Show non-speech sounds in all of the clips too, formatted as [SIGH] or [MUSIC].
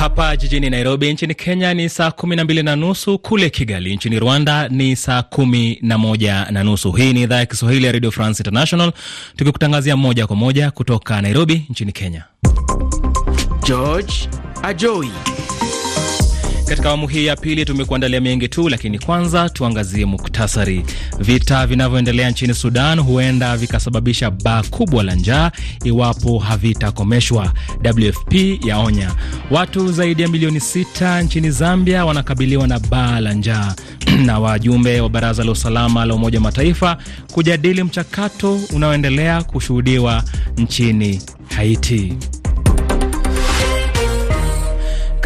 Hapa jijini Nairobi nchini Kenya ni saa kumi na mbili na nusu, kule Kigali nchini Rwanda ni saa kumi na moja na nusu. Hii ni idhaa ya Kiswahili ya Radio France International tukikutangazia moja kwa moja kutoka Nairobi nchini Kenya. George Ajoi katika awamu hii ya pili tumekuandalia mengi tu, lakini kwanza tuangazie muktasari. Vita vinavyoendelea nchini Sudan huenda vikasababisha baa kubwa la njaa iwapo havitakomeshwa. WFP yaonya watu zaidi ya milioni sita nchini Zambia wanakabiliwa na baa la njaa [CLEARS THROAT] na wajumbe wa Baraza la Usalama la Umoja wa Mataifa kujadili mchakato unaoendelea kushuhudiwa nchini Haiti.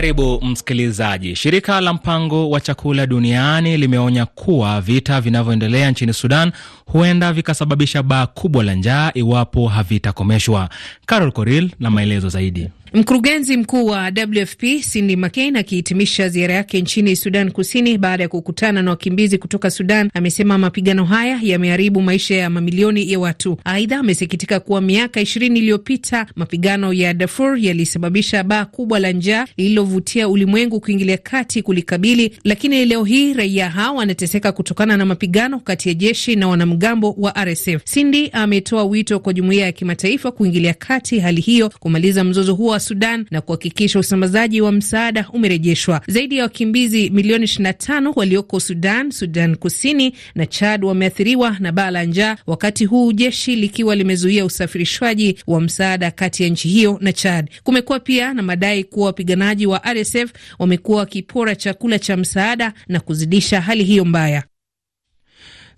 Karibu msikilizaji. Shirika la mpango wa chakula duniani limeonya kuwa vita vinavyoendelea nchini Sudan huenda vikasababisha baa kubwa la njaa iwapo havitakomeshwa. Carol coril na maelezo zaidi. Mkurugenzi mkuu wa WFP Cindy McCain akihitimisha ziara yake nchini Sudan Kusini baada ya kukutana na wakimbizi kutoka Sudan amesema mapigano haya yameharibu maisha ya mamilioni ya watu. Aidha, amesikitika kuwa miaka ishirini iliyopita mapigano ya Darfur yalisababisha baa kubwa la njaa lililovutia ulimwengu kuingilia kati kulikabili, lakini leo hii raia hao wanateseka kutokana na mapigano kati ya jeshi na wanamgambo wa RSF. Cindy ametoa wito kwa jumuiya ya kimataifa kuingilia kati hali hiyo, kumaliza mzozo huo Sudan na kuhakikisha usambazaji wa msaada umerejeshwa. Zaidi ya wakimbizi milioni 25 walioko Sudan, Sudan Kusini na Chad wameathiriwa na baa la njaa, wakati huu jeshi likiwa limezuia usafirishwaji wa msaada kati ya nchi hiyo na Chad. Kumekuwa pia na madai kuwa wapiganaji wa RSF wamekuwa wakipora chakula cha msaada na kuzidisha hali hiyo mbaya.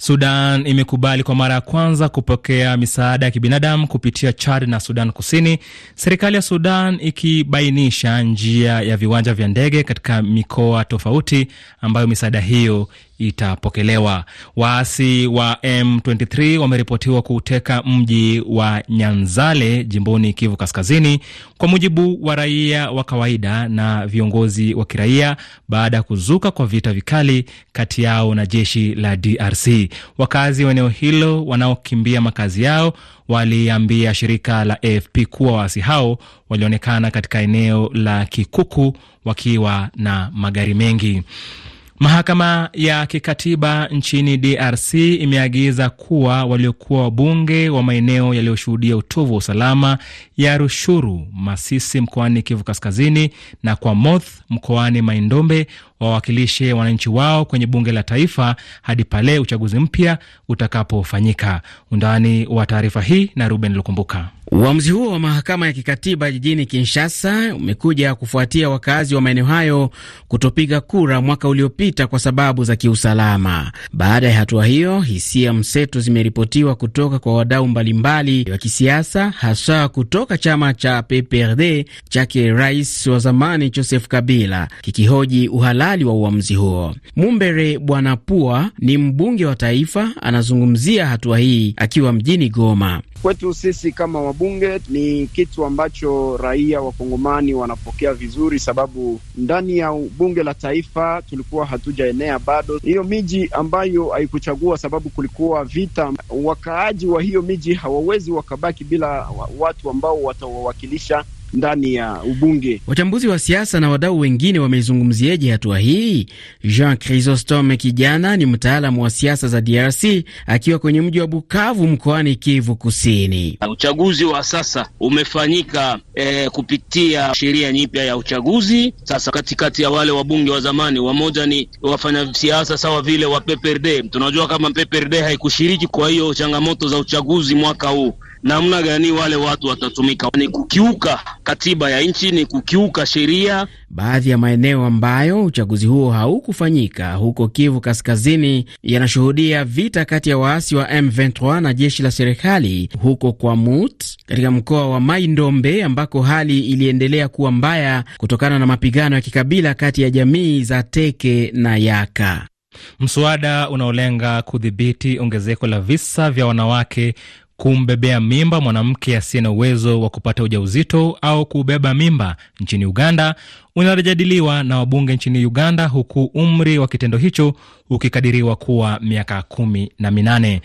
Sudan imekubali kwa mara ya kwanza kupokea misaada ya kibinadamu kupitia Chad na Sudan Kusini, serikali ya Sudan ikibainisha njia ya viwanja vya ndege katika mikoa tofauti ambayo misaada hiyo itapokelewa. Waasi wa M23 wameripotiwa kuuteka mji wa Nyanzale jimboni Kivu Kaskazini, kwa mujibu wa raia wa kawaida na viongozi wa kiraia, baada ya kuzuka kwa vita vikali kati yao na jeshi la DRC. Wakazi wa eneo hilo wanaokimbia makazi yao waliambia shirika la AFP kuwa waasi hao walionekana katika eneo la Kikuku wakiwa na magari mengi. Mahakama ya kikatiba nchini DRC imeagiza kuwa waliokuwa wabunge wa maeneo yaliyoshuhudia utovu wa usalama ya Rushuru, Masisi mkoani Kivu Kaskazini na kwa moth mkoani Maindombe wawakilishe wananchi wao kwenye bunge la taifa hadi pale uchaguzi mpya utakapofanyika. Undani wa taarifa hii na Ruben Lukumbuka. Uamuzi huo wa mahakama ya kikatiba jijini Kinshasa umekuja kufuatia wakazi wa maeneo hayo kutopiga kura mwaka uliopita kwa sababu za kiusalama. Baada ya hatua hiyo, hisia mseto zimeripotiwa kutoka kwa wadau mbalimbali wa kisiasa, hasa kutoka chama cha PPRD chake rais wa zamani Joseph Kabila kikihoji uhalali mkali wa uamuzi huo. Mumbere Bwana Pua ni mbunge wa taifa, anazungumzia hatua hii akiwa mjini Goma. Kwetu sisi kama wabunge ni kitu ambacho raia wakongomani wanapokea vizuri, sababu ndani ya bunge la taifa tulikuwa hatujaenea bado hiyo miji ambayo haikuchagua, sababu kulikuwa vita. Wakaaji wa hiyo miji hawawezi wakabaki bila watu ambao watawawakilisha ndani ya ubunge. Wachambuzi wa siasa na wadau wengine wameizungumzieje hatua hii? Jean Chrysostome Kijana ni mtaalamu wa siasa za DRC akiwa kwenye mji wa Bukavu mkoani Kivu Kusini. Uchaguzi wa sasa umefanyika e, kupitia sheria nyipya ya uchaguzi. Sasa katikati ya wale wabunge wa zamani, wamoja ni wafanya siasa sawa vile wa PPRD. Tunajua kama PPRD haikushiriki kwa hiyo changamoto za uchaguzi mwaka huu namna gani wale watu watatumika. Ni kukiuka katiba ya nchi, ni kukiuka sheria. Baadhi ya maeneo ambayo uchaguzi huo haukufanyika huko Kivu Kaskazini yanashuhudia vita kati ya waasi wa M23 na jeshi la serikali huko Kwamut katika mkoa wa Mai Ndombe, ambako hali iliendelea kuwa mbaya kutokana na mapigano ya kikabila kati ya jamii za Teke na Yaka. Mswada unaolenga kudhibiti ongezeko la visa vya wanawake kumbebea mimba mwanamke asiye na uwezo wa kupata ujauzito au kubeba mimba nchini Uganda unalojadiliwa na wabunge nchini Uganda, huku umri wa kitendo hicho ukikadiriwa kuwa miaka kumi na minane.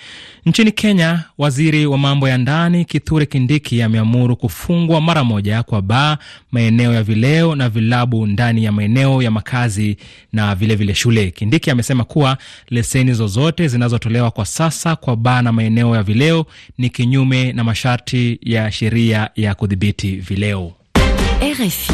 Nchini Kenya, waziri wa mambo ya ndani Kithure Kindiki ameamuru kufungwa mara moja kwa baa, maeneo ya vileo na vilabu ndani ya maeneo ya makazi na vilevile vile shule. Kindiki amesema kuwa leseni zozote zinazotolewa kwa sasa kwa baa na maeneo ya vileo ni kinyume na masharti ya sheria ya kudhibiti vileo. RFI.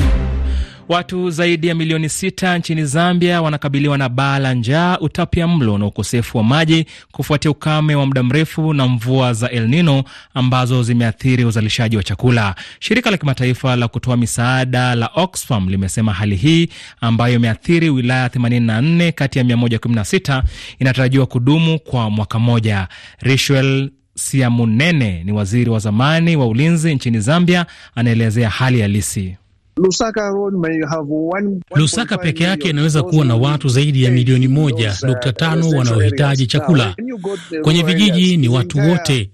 Watu zaidi ya milioni sita nchini Zambia wanakabiliwa na baa la njaa, utapia mlo na ukosefu wa maji kufuatia ukame wa muda mrefu na mvua za El Nino ambazo zimeathiri uzalishaji wa chakula. Shirika la kimataifa la kutoa misaada la Oxfam limesema hali hii ambayo imeathiri wilaya 84 kati ya 116 inatarajiwa kudumu kwa mwaka mmoja. Rishwel Siamunene ni waziri wa zamani wa ulinzi nchini Zambia, anaelezea hali halisi. Lusaka, may have one, Lusaka peke yake inaweza kuwa na watu zaidi ya milioni moja uh, nukta tano wanaohitaji chakula. Kwenye vijiji ni watu wote.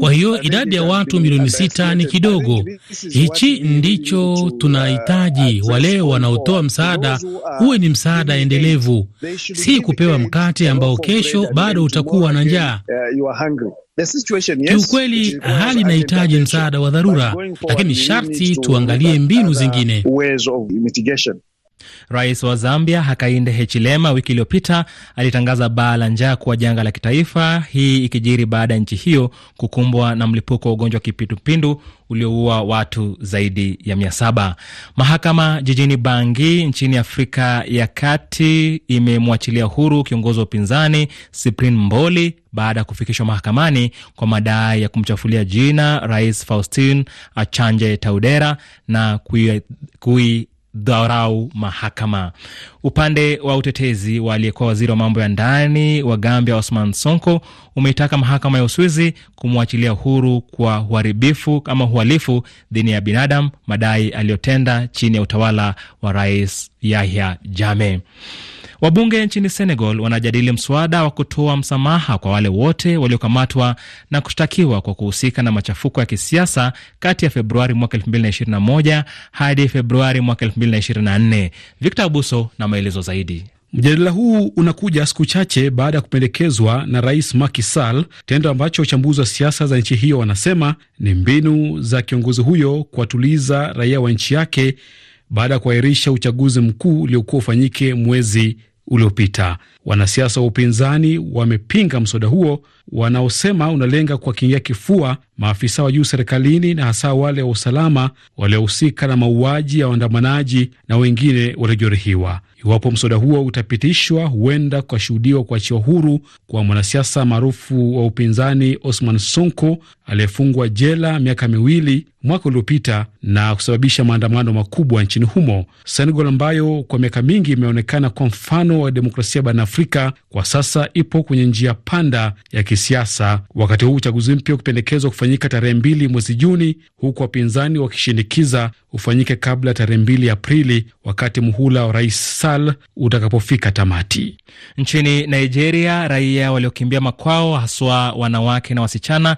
kwa hiyo uh, idadi ya watu milioni sita ni kidogo. Hichi ndicho uh, tunahitaji, wale wanaotoa msaada uwe ni msaada endelevu, si kupewa mkate ambao kesho bado utakuwa na njaa. Kiukweli hali inahitaji msaada wa dharura, lakini sharti tuangalie mbinu zingine. Rais wa Zambia Hakainde Hichilema wiki iliyopita alitangaza baa la njaa kuwa janga la kitaifa, hii ikijiri baada ya nchi hiyo kukumbwa na mlipuko wa ugonjwa wa kipindupindu ulioua watu zaidi ya mia saba. Mahakama jijini Bangi nchini Afrika ya Kati imemwachilia huru kiongozi wa upinzani Siprin Mboli baada ya kufikishwa mahakamani kwa madai ya kumchafulia jina Rais Faustin Achanje Taudera na kui, kui dharau mahakama. Upande wa utetezi wa aliyekuwa waziri wa mambo ya ndani wa Gambia Osman Sonko umeitaka mahakama ya Uswizi kumwachilia huru kwa uharibifu ama uhalifu dhidi ya binadamu, madai aliyotenda chini ya utawala wa Rais Yahya Jammeh. Wabunge nchini Senegal wanajadili mswada wa kutoa msamaha kwa wale wote waliokamatwa na kushtakiwa kwa kuhusika na machafuko ya kisiasa kati ya Februari mwaka 2021 hadi Februari mwaka 2024. Victor Abuso na maelezo zaidi. Mjadala huu unakuja siku chache baada ya kupendekezwa na Rais Macky Sall, kitendo ambacho wachambuzi wa siasa za nchi hiyo wanasema ni mbinu za kiongozi huyo kuwatuliza raia wa nchi yake baada ya kuahirisha uchaguzi mkuu uliokuwa ufanyike mwezi uliopita. Wanasiasa wa upinzani wamepinga mswada huo wanaosema unalenga kuwakingia kifua maafisa wa juu serikalini na hasa wale wa usalama waliohusika na mauaji ya waandamanaji na wengine waliojeruhiwa. Iwapo mswada huo utapitishwa, huenda kukashuhudiwa kuachiwa huru kwa mwanasiasa maarufu wa upinzani Osman Sonko aliyefungwa jela miaka miwili mwaka uliopita na kusababisha maandamano makubwa nchini humo. Senegal ambayo kwa miaka mingi imeonekana kwa mfano wa demokrasia barani Afrika kwa sasa ipo kwenye njia panda ya kisiasa, wakati huu uchaguzi mpya ukipendekezwa kufanyika tarehe mbili mwezi Juni, huku wapinzani wakishinikiza ufanyike kabla tarehe mbili Aprili, wakati muhula wa Rais Sall utakapofika tamati. Nchini Nigeria, raia waliokimbia makwao, haswa wanawake na wasichana,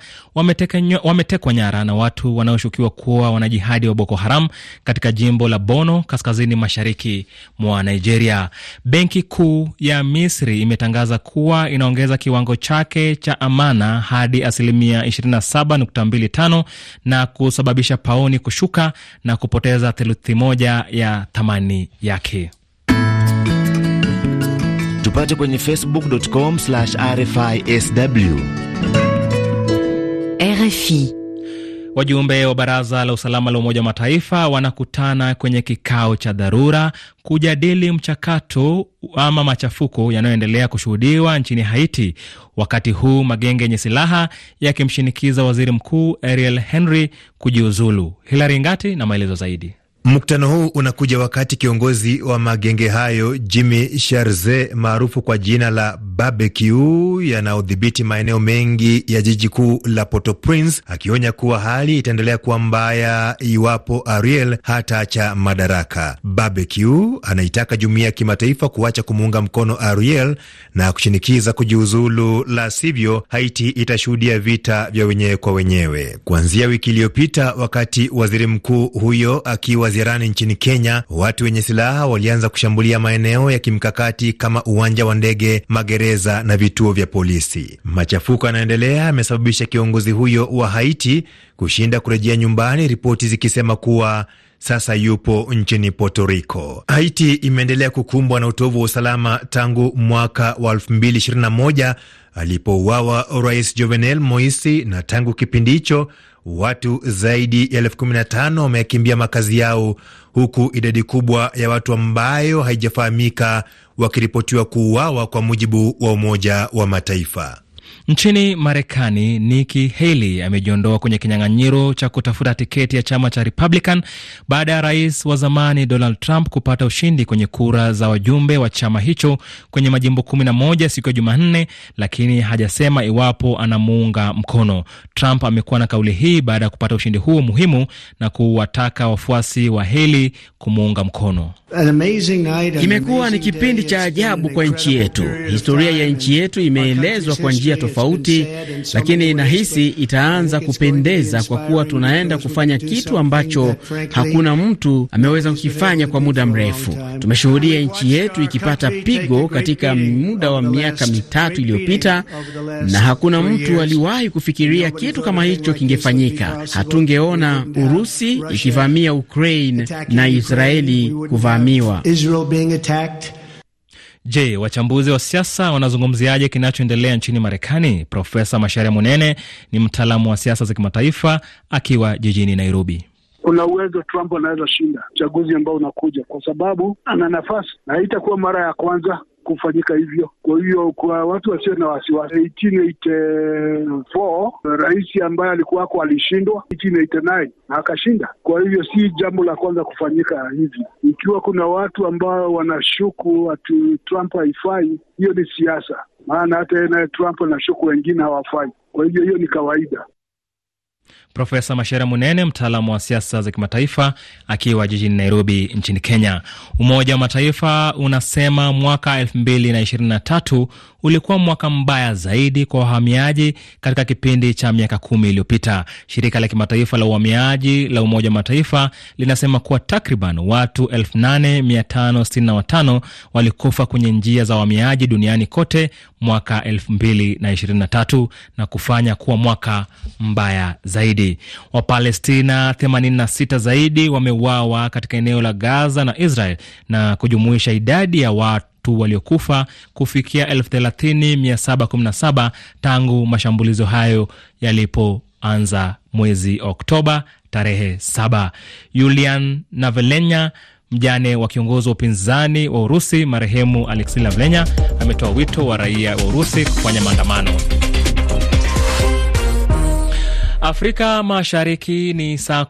wametekwa nyara na watu wanaoshukiwa kuwa wanajihadi wa Boko Haram katika jimbo la Bono, kaskazini mashariki mwa Nigeria. Benki Kuu ya Misri imetangaza kuwa inaongeza kiwango chake cha amana hadi asilimia 27.25 na kusababisha paoni kushuka na kupoteza theluthi moja ya thamani yake. Tupate kwenye facebook.com/rfisw. RFI Wajumbe wa Baraza la Usalama la Umoja wa Mataifa wanakutana kwenye kikao cha dharura kujadili mchakato ama machafuko yanayoendelea kushuhudiwa nchini Haiti, wakati huu magenge yenye silaha yakimshinikiza waziri mkuu Ariel Henry kujiuzulu. Hilari Ngati na maelezo zaidi. Mkutano huu unakuja wakati kiongozi wa magenge hayo Jimmy Sharze maarufu kwa jina la barbecue yanayodhibiti maeneo mengi ya jiji kuu la Port-au-Prince, akionya kuwa hali itaendelea kuwa mbaya iwapo Ariel hataacha madaraka. Barbecue anaitaka jumuiya ya kimataifa kuacha kumuunga mkono Ariel na kushinikiza kujiuzulu, la sivyo Haiti itashuhudia vita vya wenyewe kwa wenyewe. Kuanzia wiki iliyopita, wakati waziri mkuu huyo akiwa ziarani nchini Kenya, watu wenye silaha walianza kushambulia maeneo ya kimkakati kama uwanja wa ndege Magere magereza na vituo vya polisi. Machafuko yanayoendelea yamesababisha kiongozi huyo wa Haiti kushinda kurejea nyumbani, ripoti zikisema kuwa sasa yupo nchini Puerto Rico. Haiti imeendelea kukumbwa na utovu wa usalama tangu mwaka wa 2021 alipouawa Rais Jovenel Moisi, na tangu kipindi hicho Watu zaidi ya elfu kumi na tano wamekimbia makazi yao huku idadi kubwa ya watu ambayo haijafahamika wakiripotiwa kuuawa kwa mujibu wa Umoja wa Mataifa. Nchini Marekani, Nikki Haley amejiondoa kwenye kinyang'anyiro cha kutafuta tiketi ya chama cha Republican baada ya rais wa zamani Donald Trump kupata ushindi kwenye kura za wajumbe wa chama hicho kwenye majimbo 11 siku ya Jumanne, lakini hajasema iwapo anamuunga mkono. Trump amekuwa na kauli hii baada ya kupata ushindi huo muhimu na kuwataka wafuasi wa Haley kumuunga mkono. Kimekuwa ni kipindi cha ajabu kwa nchi yetu. Historia ya nchi yetu imeelezwa kwa njia tofauti tofauti, lakini nahisi itaanza kupendeza kwa kuwa tunaenda kufanya kitu ambacho hakuna mtu ameweza kukifanya kwa muda mrefu. Tumeshuhudia nchi yetu ikipata pigo katika muda wa miaka mitatu iliyopita, na hakuna mtu aliwahi kufikiria kitu kama hicho kingefanyika. Hatungeona Urusi ikivamia Ukraine na Israeli kuvamiwa. Je, wachambuzi wa siasa wanazungumziaje kinachoendelea nchini Marekani? Profesa Masharia Munene ni mtaalamu wa siasa za kimataifa akiwa jijini Nairobi. Kuna uwezo Trump anaweza shinda uchaguzi ambao unakuja, kwa sababu ana nafasi na haitakuwa mara ya kwanza kufanyika hivyo. Kwa hiyo kwa watu wasio na wasiwasi, 1884 rais ambaye alikuwa ako alishindwa 1889 na akashinda. Kwa hivyo si jambo la kwanza kufanyika hivi. Ikiwa kuna watu ambao wanashuku ati Trump haifai, hiyo ni siasa, maana hata yeye naye Trump anashuku wengine hawafai. Kwa hivyo hiyo ni kawaida. Profesa Mashera Munene, mtaalamu wa siasa za kimataifa, akiwa jijini Nairobi nchini Kenya. Umoja wa Mataifa unasema mwaka elfu mbili na ishirini na tatu ulikuwa mwaka mbaya zaidi kwa wahamiaji katika kipindi cha miaka kumi iliyopita. Shirika la kimataifa la uhamiaji la Umoja wa Mataifa linasema kuwa takriban watu 8565 walikufa kwenye njia za wahamiaji duniani kote mwaka 2023 na kufanya kuwa mwaka mbaya zaidi. Wapalestina 86 zaidi wameuawa katika eneo la Gaza na Israel na kujumuisha idadi ya watu tu waliokufa kufikia 30717 tangu mashambulizo hayo yalipoanza mwezi Oktoba tarehe 7. Yulian Navalenya mjane wa kiongozi wa upinzani wa Urusi marehemu Alexei Navalenya ametoa wito wa raia wa Urusi kufanya maandamano. Afrika Mashariki ni saa